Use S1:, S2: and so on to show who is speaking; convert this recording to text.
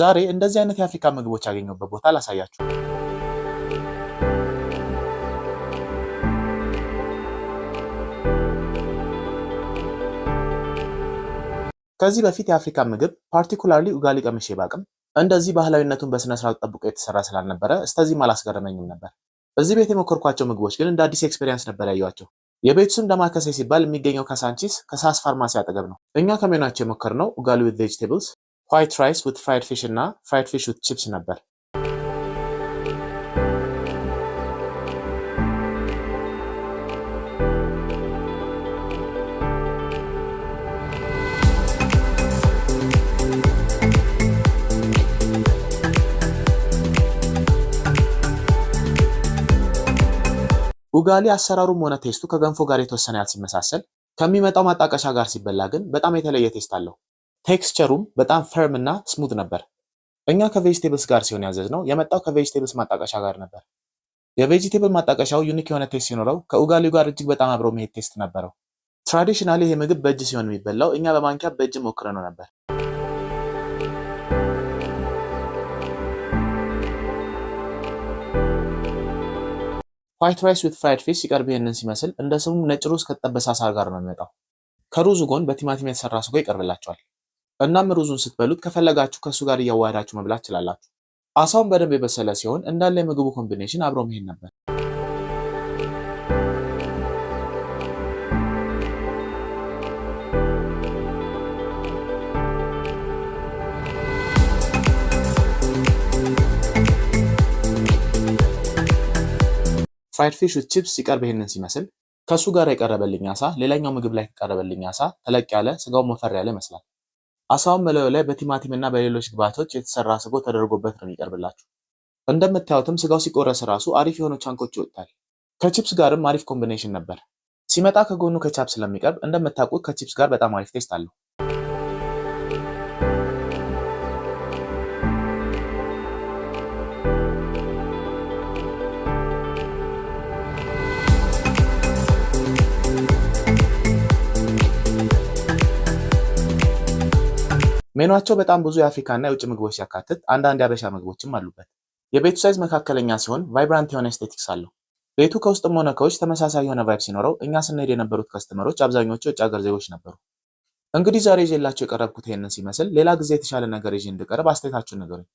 S1: ዛሬ እንደዚህ አይነት የአፍሪካ ምግቦች ያገኘሁበት ቦታ ላሳያችሁ። ከዚህ በፊት የአፍሪካ ምግብ ፓርቲኩላርሊ ኡጋሊ ቀምሼ ባቅም እንደዚህ ባህላዊነቱን በስነስርዓት ጠብቆ የተሰራ ስላልነበረ እስከዚህም አላስገረመኝም ነበር። እዚህ ቤት የሞከርኳቸው ምግቦች ግን እንደ አዲስ ኤክስፔሪንስ ነበር ያዩዋቸው። የቤቱ ስም ዳማከሴ ሲባል የሚገኘው ከሳንቺስ ከሳስ ፋርማሲ አጠገብ ነው። እኛ ከሜኗቸው የሞከርነው ኡጋሊ ዊዝ ቬጅቴብልስ ዋይት ራይስ ዊዝ ፍራይድ ፊሽ እና ፍራይድ ፊሽ ዊዝ ቺፕስ ነበር። ኡጋሊ አሰራሩም ሆነ ቴስቱ ከገንፎ ጋር የተወሰነ ያህል ሲመሳሰል ከሚመጣው ማጣቀሻ ጋር ሲበላ ግን በጣም የተለየ ቴስት አለው። ቴክስቸሩም በጣም ፈርም እና ስሙት ነበር። እኛ ከቬጅቴብልስ ጋር ሲሆን ነው። የመጣው ከቬጅቴብልስ ማጣቀሻ ጋር ነበር። የቬጅቴብል ማጣቀሻው ዩኒክ የሆነ ቴስት ሲኖረው ከኡጋሊው ጋር እጅግ በጣም አብሮ መሄድ ቴስት ነበረው። ትራዲሽናል ይሄ ምግብ በእጅ ሲሆን የሚበላው እኛ በማንኪያ በእጅ ነው ነበር። ዋይት ራይስ ዊት ፍራይድ ፊሽ ሲቀርብ ይህንን ሲመስል እንደ ስሙም ነጭ ሩዝ ከተጠበሰ አሳር ጋር ነው የሚመጣው። ከሩዙ ጎን በቲማቲም የተሰራ ስጎ ይቀርብላቸዋል። እናም ሩዙን ስትበሉት ከፈለጋችሁ ከእሱ ጋር እያዋሃዳችሁ መብላት ትችላላችሁ። አሳውን በደንብ የበሰለ ሲሆን እንዳለ የምግቡ ኮምቢኔሽን አብሮ መሄድ ነበር። ፍራይድ ፊሽ ዊት ቺፕስ ሲቀርብ ይህንን ሲመስል ከእሱ ጋር የቀረበልኝ አሳ ሌላኛው ምግብ ላይ ከቀረበልኝ አሳ ተለቅ ያለ ስጋው ወፈር ያለ ይመስላል። አሳውን መላዩ ላይ በቲማቲም እና በሌሎች ግብዓቶች የተሰራ ስጎ ተደርጎበት ነው የሚቀርብላችሁ። እንደምታዩትም ስጋው ሲቆረስ ራሱ አሪፍ የሆኑ ቻንኮች ይወጣል። ከቺፕስ ጋርም አሪፍ ኮምቢኔሽን ነበር። ሲመጣ ከጎኑ ከቻፕ ስለሚቀርብ እንደምታውቁት ከቺፕስ ጋር በጣም አሪፍ ቴስት አለው። ሜኗቸው በጣም ብዙ የአፍሪካና የውጭ ምግቦች ሲያካትት አንዳንድ የአበሻ ምግቦችም አሉበት። የቤቱ ሳይዝ መካከለኛ ሲሆን ቫይብራንት የሆነ ኤስቴቲክስ አለው። ቤቱ ከውስጥም ሆነ ከውጭ ተመሳሳይ የሆነ ቫይብ ሲኖረው እኛ ስንሄድ የነበሩት ከስተመሮች አብዛኞቹ የውጭ ሀገር ዜጎች ነበሩ። እንግዲህ ዛሬ ይዤላቸው የቀረብኩት ይህንን ሲመስል ሌላ ጊዜ የተሻለ ነገር ይዤ እንድቀርብ አስተያየታችሁን ንገሩኝ።